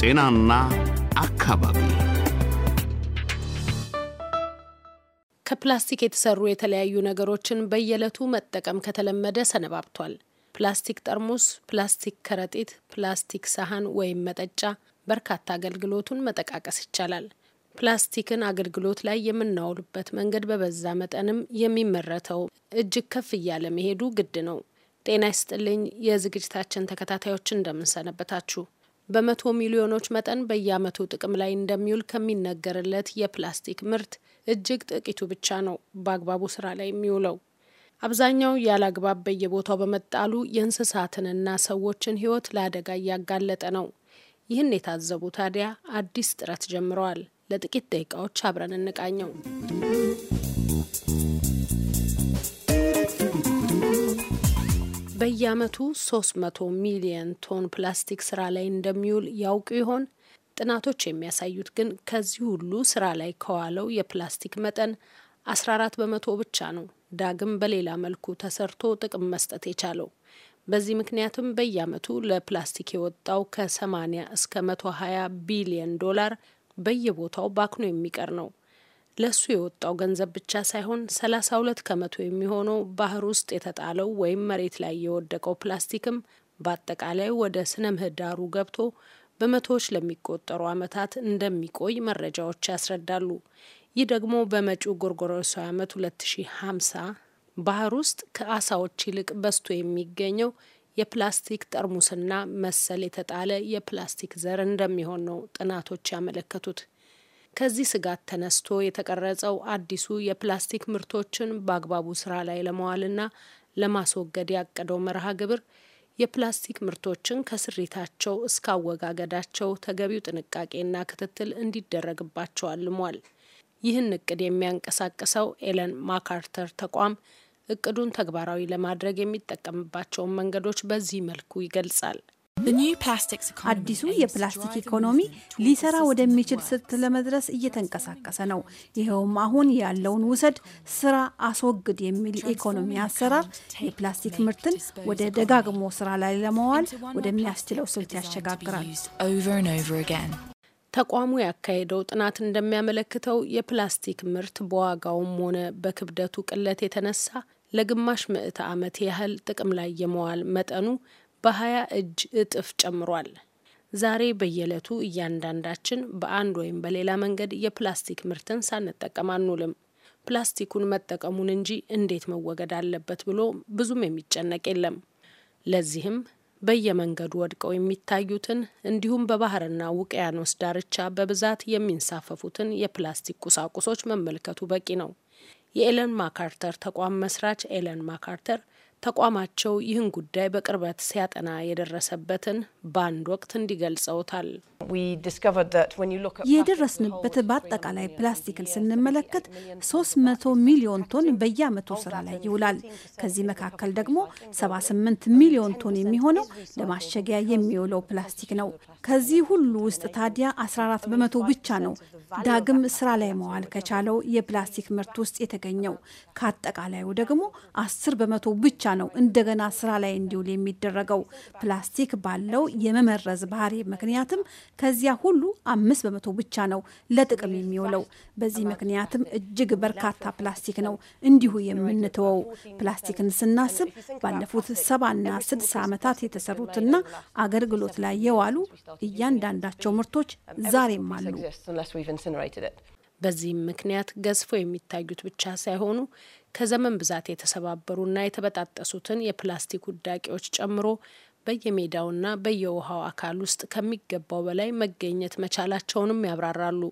ጤናና አካባቢ ከፕላስቲክ የተሰሩ የተለያዩ ነገሮችን በየዕለቱ መጠቀም ከተለመደ ሰነባብቷል። ፕላስቲክ ጠርሙስ፣ ፕላስቲክ ከረጢት፣ ፕላስቲክ ሳህን ወይም መጠጫ በርካታ አገልግሎቱን መጠቃቀስ ይቻላል። ፕላስቲክን አገልግሎት ላይ የምናውልበት መንገድ በበዛ መጠንም የሚመረተው እጅግ ከፍ እያለ መሄዱ ግድ ነው። ጤና ይስጥልኝ የዝግጅታችን ተከታታዮች እንደምንሰነበታችሁ። በመቶ ሚሊዮኖች መጠን በየዓመቱ ጥቅም ላይ እንደሚውል ከሚነገርለት የፕላስቲክ ምርት እጅግ ጥቂቱ ብቻ ነው በአግባቡ ስራ ላይ የሚውለው። አብዛኛው ያላግባብ በየቦታው በመጣሉ የእንስሳትንና ሰዎችን ሕይወት ለአደጋ እያጋለጠ ነው። ይህን የታዘቡ ታዲያ አዲስ ጥረት ጀምረዋል። ለጥቂት ደቂቃዎች አብረን እንቃኘው። በየአመቱ 300 ሚሊየን ቶን ፕላስቲክ ስራ ላይ እንደሚውል ያውቁ ይሆን? ጥናቶች የሚያሳዩት ግን ከዚህ ሁሉ ስራ ላይ ከዋለው የፕላስቲክ መጠን 14 በመቶ ብቻ ነው ዳግም በሌላ መልኩ ተሰርቶ ጥቅም መስጠት የቻለው። በዚህ ምክንያትም በየአመቱ ለፕላስቲክ የወጣው ከ80 እስከ 120 ቢሊየን ዶላር በየቦታው ባክኖ የሚቀር ነው። ለሱ የወጣው ገንዘብ ብቻ ሳይሆን 32 ከመቶ የሚሆነው ባህር ውስጥ የተጣለው ወይም መሬት ላይ የወደቀው ፕላስቲክም በአጠቃላይ ወደ ስነ ምህዳሩ ገብቶ በመቶዎች ለሚቆጠሩ ዓመታት እንደሚቆይ መረጃዎች ያስረዳሉ። ይህ ደግሞ በመጪው ጎርጎሮሳዊ ዓመት 2050 ባህር ውስጥ ከአሳዎች ይልቅ በዝቶ የሚገኘው የፕላስቲክ ጠርሙስና መሰል የተጣለ የፕላስቲክ ዘር እንደሚሆን ነው ጥናቶች ያመለከቱት። ከዚህ ስጋት ተነስቶ የተቀረጸው አዲሱ የፕላስቲክ ምርቶችን በአግባቡ ስራ ላይ ለመዋልና ለማስወገድ ያቀደው መርሃ ግብር የፕላስቲክ ምርቶችን ከስሪታቸው እስከ አወጋገዳቸው ተገቢው ጥንቃቄና ክትትል እንዲደረግባቸው አልሟል። ይህን እቅድ የሚያንቀሳቅሰው ኤለን ማካርተር ተቋም እቅዱን ተግባራዊ ለማድረግ የሚጠቀምባቸውን መንገዶች በዚህ መልኩ ይገልጻል። አዲሱ የፕላስቲክ ኢኮኖሚ ሊሰራ ወደሚችል ስልት ለመድረስ እየተንቀሳቀሰ ነው። ይኸውም አሁን ያለውን ውሰድ፣ ስራ አስወግድ የሚል ኢኮኖሚ አሰራር የፕላስቲክ ምርትን ወደ ደጋግሞ ስራ ላይ ለመዋል ወደሚያስችለው ስልት ያሸጋግራል። ተቋሙ ያካሄደው ጥናት እንደሚያመለክተው የፕላስቲክ ምርት በዋጋውም ሆነ በክብደቱ ቅለት የተነሳ ለግማሽ ምዕተ ዓመት ያህል ጥቅም ላይ የመዋል መጠኑ በሀያ እጅ እጥፍ ጨምሯል። ዛሬ በየዕለቱ እያንዳንዳችን በአንድ ወይም በሌላ መንገድ የፕላስቲክ ምርትን ሳንጠቀም አንውልም። ፕላስቲኩን መጠቀሙን እንጂ እንዴት መወገድ አለበት ብሎ ብዙም የሚጨነቅ የለም። ለዚህም በየመንገዱ ወድቀው የሚታዩትን እንዲሁም በባህርና ውቅያኖስ ዳርቻ በብዛት የሚንሳፈፉትን የፕላስቲክ ቁሳቁሶች መመልከቱ በቂ ነው። የኤለን ማካርተር ተቋም መስራች ኤለን ማካርተር ተቋማቸው ይህን ጉዳይ በቅርበት ሲያጠና የደረሰበትን በአንድ ወቅት እንዲገልጸውታል። የደረስንበት በአጠቃላይ ፕላስቲክን ስንመለከት 300 ሚሊዮን ቶን በየዓመቱ ስራ ላይ ይውላል። ከዚህ መካከል ደግሞ 78 ሚሊዮን ቶን የሚሆነው ለማሸጊያ የሚውለው ፕላስቲክ ነው። ከዚህ ሁሉ ውስጥ ታዲያ 14 በመቶ ብቻ ነው ዳግም ስራ ላይ መዋል ከቻለው የፕላስቲክ ምርት ውስጥ የተገኘው። ከአጠቃላዩ ደግሞ 10 በመቶ ብቻ ብቻ ነው እንደገና ስራ ላይ እንዲውል የሚደረገው። ፕላስቲክ ባለው የመመረዝ ባህሪ ምክንያትም ከዚያ ሁሉ አምስት በመቶ ብቻ ነው ለጥቅም የሚውለው። በዚህ ምክንያትም እጅግ በርካታ ፕላስቲክ ነው እንዲሁ የምንተወው። ፕላስቲክን ስናስብ ባለፉት ሰባና ስድስት ዓመታት የተሰሩትና አገልግሎት ላይ የዋሉ እያንዳንዳቸው ምርቶች ዛሬም አሉ። በዚህም ምክንያት ገዝፎ የሚታዩት ብቻ ሳይሆኑ ከዘመን ብዛት የተሰባበሩና የተበጣጠሱትን የፕላስቲክ ውዳቂዎች ጨምሮ በየሜዳውና በየውሃው አካል ውስጥ ከሚገባው በላይ መገኘት መቻላቸውንም ያብራራሉ።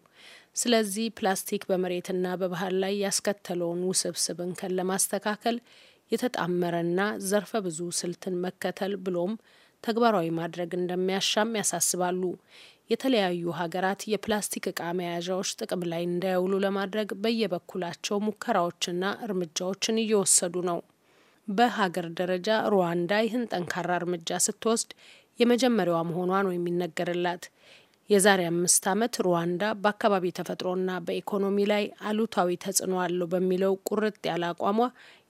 ስለዚህ ፕላስቲክ በመሬትና በባህር ላይ ያስከተለውን ውስብስብ እንከን ለማስተካከል የተጣመረና ዘርፈ ብዙ ስልትን መከተል ብሎም ተግባራዊ ማድረግ እንደሚያሻም ያሳስባሉ። የተለያዩ ሀገራት የፕላስቲክ እቃ መያዣዎች ጥቅም ላይ እንዳይውሉ ለማድረግ በየበኩላቸው ሙከራዎችና እርምጃዎችን እየወሰዱ ነው። በሀገር ደረጃ ሩዋንዳ ይህን ጠንካራ እርምጃ ስትወስድ የመጀመሪያዋ መሆኗ ነው የሚነገርላት። የዛሬ አምስት ዓመት ሩዋንዳ በአካባቢ ተፈጥሮና በኢኮኖሚ ላይ አሉታዊ ተጽዕኖ አለው በሚለው ቁርጥ ያለ አቋሟ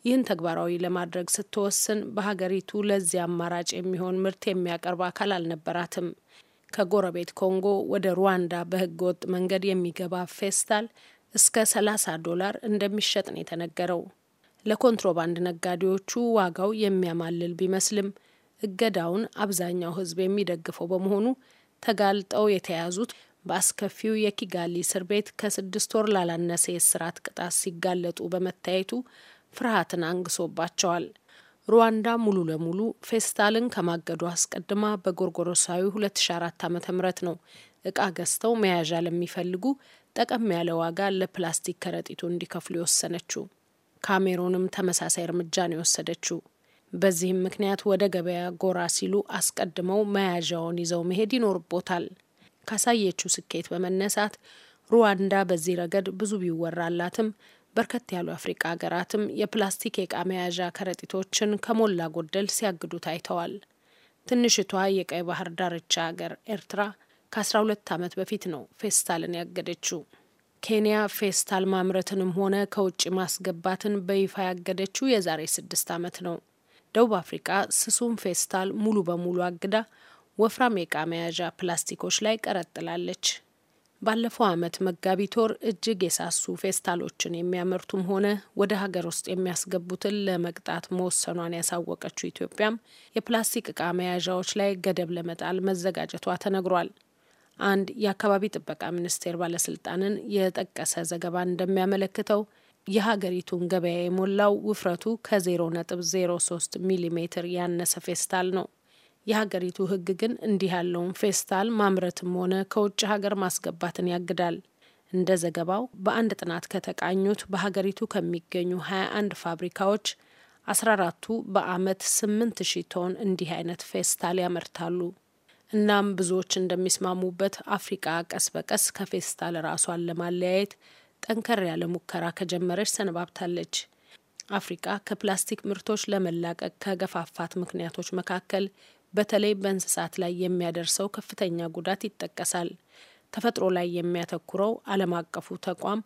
ይህን ተግባራዊ ለማድረግ ስትወስን በሀገሪቱ ለዚህ አማራጭ የሚሆን ምርት የሚያቀርብ አካል አልነበራትም። ከጎረቤት ኮንጎ ወደ ሩዋንዳ በህገወጥ መንገድ የሚገባ ፌስታል እስከ 30 ዶላር እንደሚሸጥ ነው የተነገረው። ለኮንትሮባንድ ነጋዴዎቹ ዋጋው የሚያማልል ቢመስልም እገዳውን አብዛኛው ህዝብ የሚደግፈው በመሆኑ ተጋልጠው የተያዙት በአስከፊው የኪጋሊ እስር ቤት ከስድስት ወር ላላነሰ የእስራት ቅጣት ሲጋለጡ በመታየቱ ፍርሃትን አንግሶባቸዋል። ሩዋንዳ ሙሉ ለሙሉ ፌስታልን ከማገዱ አስቀድማ በጎርጎሮሳዊ 2004 ዓ ም ነው እቃ ገዝተው መያዣ ለሚፈልጉ ጠቀም ያለ ዋጋ ለፕላስቲክ ከረጢቱ እንዲከፍሉ የወሰነችው። ካሜሩንም ተመሳሳይ እርምጃ ነው የወሰደችው። በዚህም ምክንያት ወደ ገበያ ጎራ ሲሉ አስቀድመው መያዣውን ይዘው መሄድ ይኖርቦታል። ካሳየችው ስኬት በመነሳት ሩዋንዳ በዚህ ረገድ ብዙ ቢወራላትም በርከት ያሉ አፍሪቃ ሀገራትም የፕላስቲክ የእቃ መያዣ ከረጢቶችን ከሞላ ጎደል ሲያግዱ ታይተዋል። ትንሽቷ የቀይ ባህር ዳርቻ ሀገር ኤርትራ ከ12 ዓመት በፊት ነው ፌስታልን ያገደችው። ኬንያ ፌስታል ማምረትንም ሆነ ከውጭ ማስገባትን በይፋ ያገደችው የዛሬ ስድስት ዓመት ነው። ደቡብ አፍሪቃ ስሱም ፌስታል ሙሉ በሙሉ አግዳ ወፍራም የእቃ መያዣ ፕላስቲኮች ላይ ቀረጥላለች። ባለፈው ዓመት መጋቢት ወር እጅግ የሳሱ ፌስታሎችን የሚያመርቱም ሆነ ወደ ሀገር ውስጥ የሚያስገቡትን ለመቅጣት መወሰኗን ያሳወቀችው ኢትዮጵያም የፕላስቲክ እቃ መያዣዎች ላይ ገደብ ለመጣል መዘጋጀቷ ተነግሯል። አንድ የአካባቢ ጥበቃ ሚኒስቴር ባለስልጣንን የጠቀሰ ዘገባ እንደሚያመለክተው የሀገሪቱን ገበያ የሞላው ውፍረቱ ከ0.03 ሚሊ ሜትር ያነሰ ፌስታል ነው። የሀገሪቱ ሕግ ግን እንዲህ ያለውን ፌስታል ማምረትም ሆነ ከውጭ ሀገር ማስገባትን ያግዳል። እንደ ዘገባው በአንድ ጥናት ከተቃኙት በሀገሪቱ ከሚገኙ 21 ፋብሪካዎች 14ቱ በአመት 8000 ቶን እንዲህ አይነት ፌስታል ያመርታሉ። እናም ብዙዎች እንደሚስማሙበት አፍሪቃ ቀስ በቀስ ከፌስታል ራሷን ለማለያየት ጠንከር ያለ ሙከራ ከጀመረች ሰነባብታለች። አፍሪቃ ከፕላስቲክ ምርቶች ለመላቀቅ ከገፋፋት ምክንያቶች መካከል በተለይ በእንስሳት ላይ የሚያደርሰው ከፍተኛ ጉዳት ይጠቀሳል። ተፈጥሮ ላይ የሚያተኩረው ዓለም አቀፉ ተቋም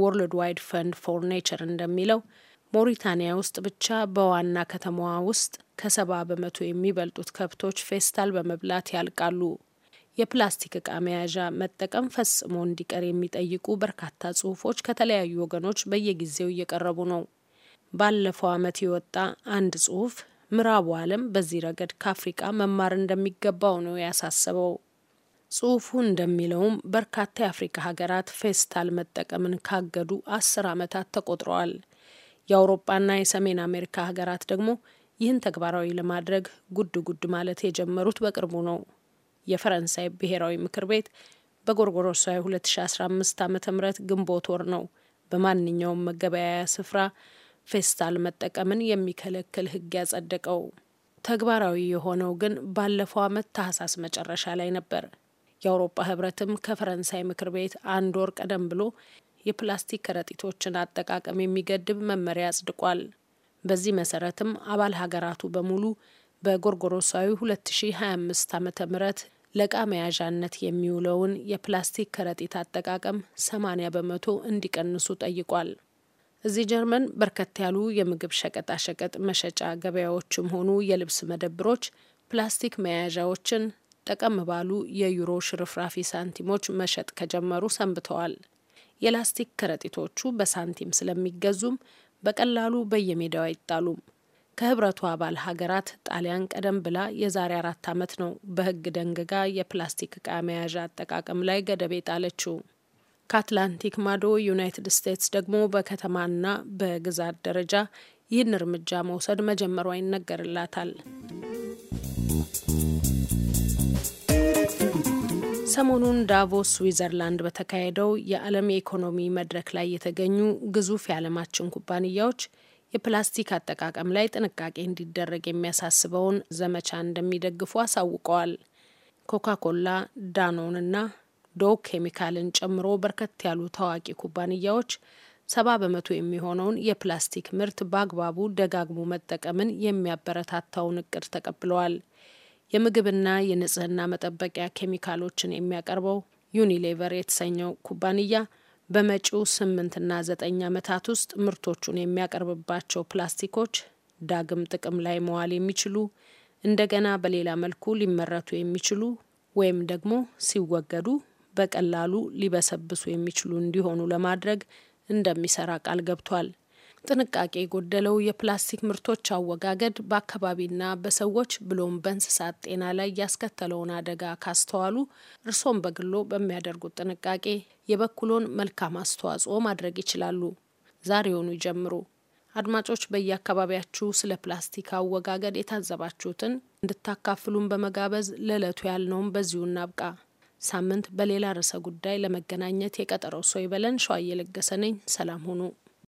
ወርልድ ዋይድ ፈንድ ፎር ኔቸር እንደሚለው ሞሪታንያ ውስጥ ብቻ በዋና ከተማዋ ውስጥ ከሰባ በመቶ የሚበልጡት ከብቶች ፌስታል በመብላት ያልቃሉ። የፕላስቲክ እቃ መያዣ መጠቀም ፈጽሞ እንዲቀር የሚጠይቁ በርካታ ጽሁፎች ከተለያዩ ወገኖች በየጊዜው እየቀረቡ ነው። ባለፈው ዓመት የወጣ አንድ ጽሁፍ ምዕራቡ ዓለም በዚህ ረገድ ከአፍሪቃ መማር እንደሚገባው ነው ያሳሰበው። ጽሁፉ እንደሚለውም በርካታ የአፍሪካ ሀገራት ፌስታል መጠቀምን ካገዱ አስር ዓመታት ተቆጥረዋል። የአውሮፓና የሰሜን አሜሪካ ሀገራት ደግሞ ይህን ተግባራዊ ለማድረግ ጉድ ጉድ ማለት የጀመሩት በቅርቡ ነው። የፈረንሳይ ብሔራዊ ምክር ቤት በጎርጎሮሳዊ 2015 ዓ ም ግንቦት ወር ነው በማንኛውም መገበያያ ስፍራ ፌስታል መጠቀምን የሚከለክል ህግ ያጸደቀው። ተግባራዊ የሆነው ግን ባለፈው ዓመት ታህሳስ መጨረሻ ላይ ነበር። የአውሮፓ ህብረትም ከፈረንሳይ ምክር ቤት አንድ ወር ቀደም ብሎ የፕላስቲክ ከረጢቶችን አጠቃቀም የሚገድብ መመሪያ አጽድቋል። በዚህ መሰረትም አባል ሀገራቱ በሙሉ በጎርጎሮሳዊ 2025 ዓ ም ለዕቃ መያዣነት የሚውለውን የፕላስቲክ ከረጢት አጠቃቀም 80 በመቶ እንዲቀንሱ ጠይቋል። እዚህ ጀርመን በርከት ያሉ የምግብ ሸቀጣሸቀጥ መሸጫ ገበያዎችም ሆኑ የልብስ መደብሮች ፕላስቲክ መያዣዎችን ጠቀም ባሉ የዩሮ ሽርፍራፊ ሳንቲሞች መሸጥ ከጀመሩ ሰንብተዋል። የላስቲክ ከረጢቶቹ በሳንቲም ስለሚገዙም በቀላሉ በየሜዳው አይጣሉም። ከህብረቱ አባል ሀገራት ጣሊያን ቀደም ብላ የዛሬ አራት ዓመት ነው በህግ ደንግጋ የፕላስቲክ ዕቃ መያዣ አጠቃቀም ላይ ገደብ የጣለችው። ከአትላንቲክ ማዶ ዩናይትድ ስቴትስ ደግሞ በከተማና በግዛት ደረጃ ይህን እርምጃ መውሰድ መጀመሯ ይነገርላታል። ሰሞኑን ዳቮስ ስዊዘርላንድ በተካሄደው የዓለም የኢኮኖሚ መድረክ ላይ የተገኙ ግዙፍ የዓለማችን ኩባንያዎች የፕላስቲክ አጠቃቀም ላይ ጥንቃቄ እንዲደረግ የሚያሳስበውን ዘመቻ እንደሚደግፉ አሳውቀዋል። ኮካ ኮላ፣ ዳኖን እና ዶው ኬሚካልን ጨምሮ በርከት ያሉ ታዋቂ ኩባንያዎች ሰባ በመቶ የሚሆነውን የፕላስቲክ ምርት በአግባቡ ደጋግሞ መጠቀምን የሚያበረታታውን እቅድ ተቀብለዋል። የምግብና የንጽህና መጠበቂያ ኬሚካሎችን የሚያቀርበው ዩኒሌቨር የተሰኘው ኩባንያ በመጪው ስምንትና ዘጠኝ ዓመታት ውስጥ ምርቶቹን የሚያቀርብባቸው ፕላስቲኮች ዳግም ጥቅም ላይ መዋል የሚችሉ እንደገና በሌላ መልኩ ሊመረቱ የሚችሉ ወይም ደግሞ ሲወገዱ በቀላሉ ሊበሰብሱ የሚችሉ እንዲሆኑ ለማድረግ እንደሚሰራ ቃል ገብቷል። ጥንቃቄ የጎደለው የፕላስቲክ ምርቶች አወጋገድ በአካባቢና በሰዎች ብሎም በእንስሳት ጤና ላይ ያስከተለውን አደጋ ካስተዋሉ እርሶም በግሎ በሚያደርጉት ጥንቃቄ የበኩሎን መልካም አስተዋጽኦ ማድረግ ይችላሉ። ዛሬውኑ ይጀምሩ። አድማጮች በየአካባቢያችሁ ስለ ፕላስቲክ አወጋገድ የታዘባችሁትን እንድታካፍሉን በመጋበዝ ለዕለቱ ያልነውም በዚሁ እናብቃ። ሳምንት በሌላ ርዕሰ ጉዳይ ለመገናኘት የቀጠረው ሰው ይበለን። ሸዋ ለገሰ ነኝ። ሰላም ሁኑ።